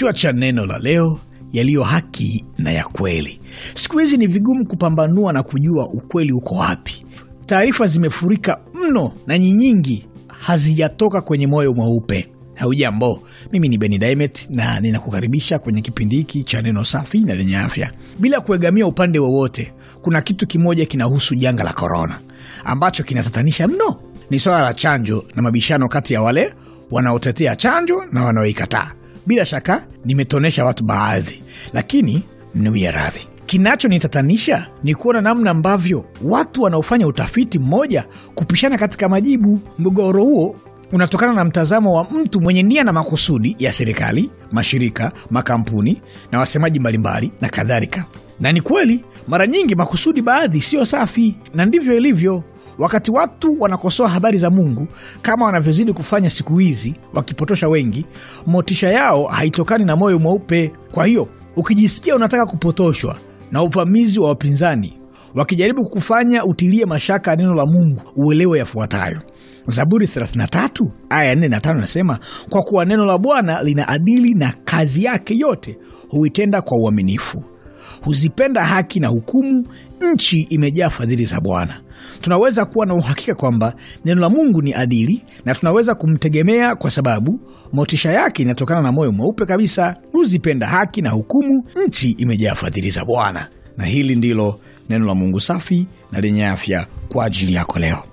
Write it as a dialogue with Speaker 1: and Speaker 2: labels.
Speaker 1: Kichwa cha neno la leo: yaliyo haki na ya kweli. Siku hizi ni vigumu kupambanua na kujua ukweli uko wapi. Taarifa zimefurika mno na nyingi hazijatoka kwenye moyo mweupe. Haujambo, mimi ni Beni Dimet na ninakukaribisha kwenye kipindi hiki cha neno safi na lenye afya. Bila kuegamia upande wowote, kuna kitu kimoja kinahusu janga la korona ambacho kinatatanisha mno, ni swala la chanjo na mabishano kati ya wale wanaotetea chanjo na wanaoikataa. Bila shaka nimetonesha watu baadhi, lakini mniwie radhi. Kinachonitatanisha ni kuona namna ambavyo watu wanaofanya utafiti mmoja kupishana katika majibu. Mgogoro huo unatokana na mtazamo wa mtu mwenye nia na makusudi ya serikali, mashirika, makampuni na wasemaji mbalimbali na kadhalika. Na ni kweli, mara nyingi makusudi baadhi siyo safi, na ndivyo ilivyo. Wakati watu wanakosoa habari za Mungu kama wanavyozidi kufanya siku hizi, wakipotosha wengi, motisha yao haitokani na moyo mweupe. Kwa hiyo ukijisikia unataka kupotoshwa na uvamizi wa wapinzani wakijaribu kufanya utilie mashaka ya neno la Mungu, uelewe yafuatayo. Zaburi 33 aya 4 na 5 nasema, kwa kuwa neno la Bwana lina adili na kazi yake yote huitenda kwa uaminifu huzipenda haki na hukumu, nchi imejaa fadhili za Bwana. Tunaweza kuwa na uhakika kwamba neno la Mungu ni adili na tunaweza kumtegemea kwa sababu motisha yake inatokana na moyo mweupe kabisa, huzipenda haki na hukumu, nchi imejaa fadhili za Bwana. Na hili ndilo neno la Mungu safi na lenye afya kwa ajili yako leo.